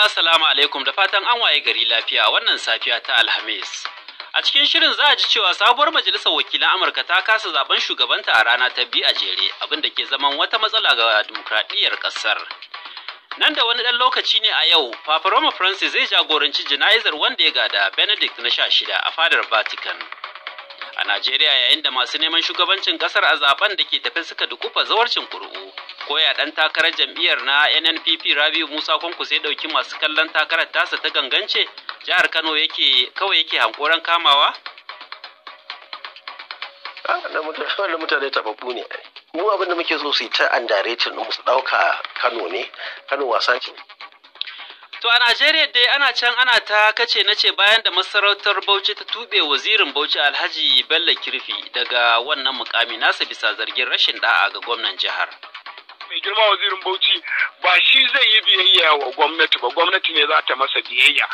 Jama'a assalamu alaikum da fatan an waye gari lafiya wannan safiya ta Alhamis. A cikin shirin za a ji cewa sabuwar majalisar wakilan Amurka ta kasa zaben shugabanta a rana ta biyu a jere abin da ke zaman wata matsala ga dimokuraɗiyyar ƙasar. Nan da wani ɗan lokaci ne a yau, Papa Roma Francis zai jagoranci jana'izar wanda ya gada Benedict na sha shida a fadar Vatican. a najeriya yayin da masu neman shugabancin kasar a zaben da ke tafe suka dukufa zawarcin kuri'u koya dan takarar jam'iyyar na nnpp rabiu musa kwanku sai dauki masu kallon takarar tasa ta gangance jihar kano yake kawai yake hankoran kamawa ah, wanda mutane tababbu ne mu abin da muke so su yi ta andaretin mu su dauka kano ne kano wasa ce To a Najeriya dai ana can ana ta kace na ce bayan da masarautar Bauchi ta tube wazirin Bauchi Alhaji Bello Kirfi daga wannan mukami nasa bisa zargin rashin da'a ga gwamnan jihar. Mai girma wazirin Bauchi ba shi zai yi biyayya wa gwamnati ba gwamnati ne za ta masa biyayya.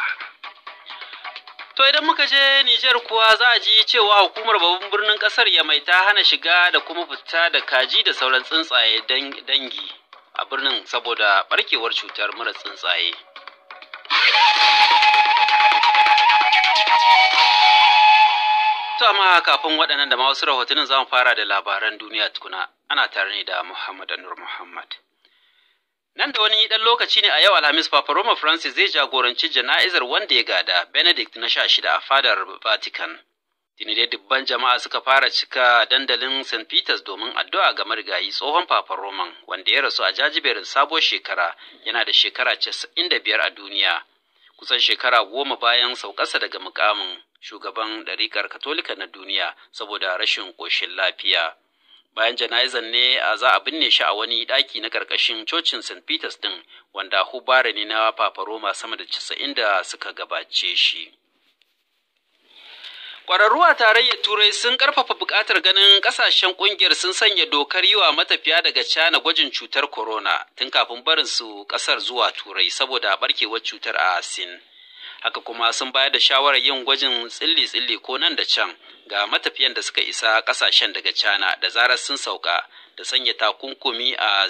To idan muka je Nijar kuwa za a ji cewa hukumar babban birnin kasar ya mai ta hana shiga da kuma fita da kaji da sauran tsuntsaye dangi a birnin saboda barkewar cutar mura tsuntsaye. To amma kafin waɗannan da wasu rahotannin za mu fara da labaran duniya tukuna ana tare ne da Muhammad Nur Muhammad. Nan da wani ɗan lokaci ne a yau Alhamis Papa Roma Francis zai jagoranci jana'izar wanda ya gada Benedict na sha shida a fadar Vatican. Tuni dai dubban jama'a suka fara cika dandalin St. Peter's domin addu'a ga marigayi tsohon Papa Roman wanda ya rasu a jajiberin sabuwar shekara yana da shekara 95 a duniya. kusan shekara goma bayan saukarsa daga mukamin shugaban ɗariƙar katolika na duniya saboda rashin ƙoshin lafiya bayan jana'izan ne a za a binne shi a wani ɗaki na ƙarƙashin cocin st peters ɗin wanda hubare ne na fafaroma sama da casa'in da suka gabace shi Ƙwararru a tarayyar Turai sun ƙarfafa buƙatar ganin ƙasashen ƙungiyar sun sanya dokar yi wa matafiya daga cana gwajin cutar corona tun kafin barin su ƙasar zuwa Turai saboda barkewar cutar a Sin. Haka kuma sun bayar da shawarar yin gwajin tsilli-tsilli ko nan da can ga matafiyan da suka isa ƙasashen daga cana da zarar sun sauka da sanya takunkumi a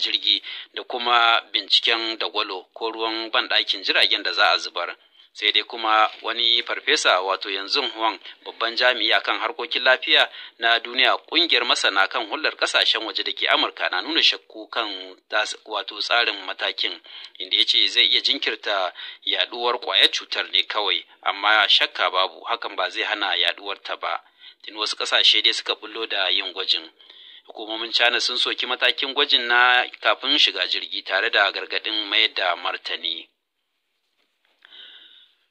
jirgi da kuma binciken dagwalo ko ruwan banɗakin jiragen da za a zubar. sai dai kuma wani farfesa wato yanzu huwan, babban jami'i akan harkokin lafiya na duniya kungiyar masana kan hular kasashen waje da ke amurka na nuna shakku kan wato tsarin matakin inda ya ce zai iya jinkirta yaduwar kwayar cutar ne kawai amma shakka babu hakan ba zai hana yaduwar ta ba tun wasu kasashe dai suka bullo da yin gwajin hukumomin china sun soki matakin gwajin na kafin shiga jirgi tare da gargadin mayar da martani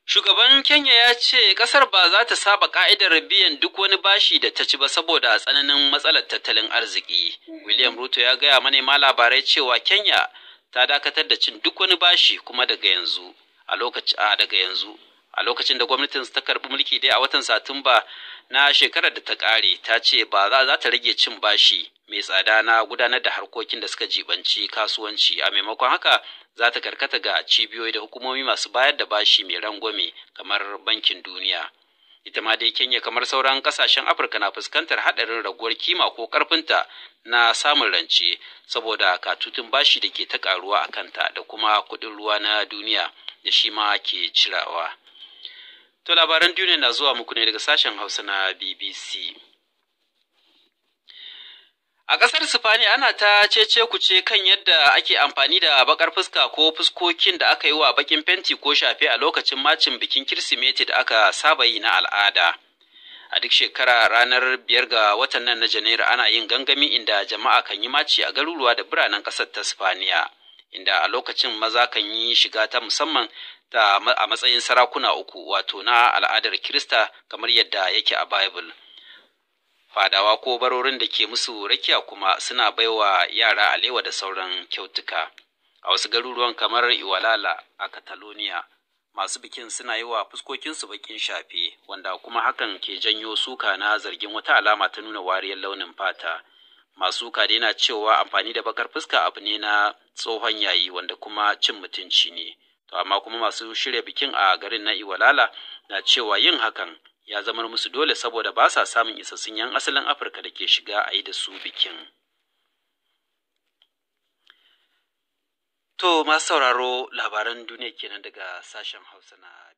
Shugaban Kenya ya ce ƙasar ba za ta saba ƙa'idar biyan duk wani bashi da ta ci ba saboda tsananin matsalar tattalin arziki. William Ruto ya gaya manema labarai cewa Kenya ta dakatar da cin duk wani bashi kuma daga yanzu a lokacin daga yanzu a lokacin da gwamnatin ta karbi mulki dai a watan Satumba na shekarar da ta ƙare ta ce ba za ta rage cin bashi mai tsada na gudanar da harkokin da suka jibanci kasuwanci a maimakon haka za ta karkata ga cibiyoyi da hukumomi masu bayar da bashi mai rangwame kamar bankin duniya ita ma dai kenya kamar sauran kasashen afirka na fuskantar haɗarin raguwar kima ko ƙarfinta na samun rance saboda katutun bashi da ke ta ƙaruwa a kanta da kuma kuɗin ruwa na duniya da shi ma ke cirawa to labaran duniya na zuwa muku ne daga sashen hausa na bbc A ƙasar Sifani ana ta cece kuce kan yadda ake amfani da bakar fuska ko fuskokin da aka yi wa bakin fenti ko shafe a lokacin macin bikin Kirsimeti da aka saba yi na al'ada. A duk shekara ranar biyar ga watan nan na Janairu ana yin gangami inda jama'a kan yi maci a garuruwa da biranen ƙasar ta Sifaniya, inda a lokacin maza kan yi shiga ta musamman a matsayin sarakuna uku wato na al'adar Kirista kamar yadda yake a Bible. fadawa ko barorin da ke musu rakiya kuma suna baiwa yara alewa da sauran kyautuka a wasu garuruwan kamar iwalala a catalonia masu bikin suna yi wa fuskokinsu bakin shafe wanda kuma hakan ke janyo suka na zargin wata alama ta nuna wariyar launin fata masu suka dai na cewa amfani da bakar fuska abu ne na tsohon yayi wanda kuma cin mutunci ne to amma kuma masu shirya bikin a garin na iwalala na cewa yin hakan ya zamar musu dole saboda ba sa samun isassun 'yan asalin afirka da ke shiga a yi da su bikin to masu sauraro labaran duniya kenan daga sashen hausa na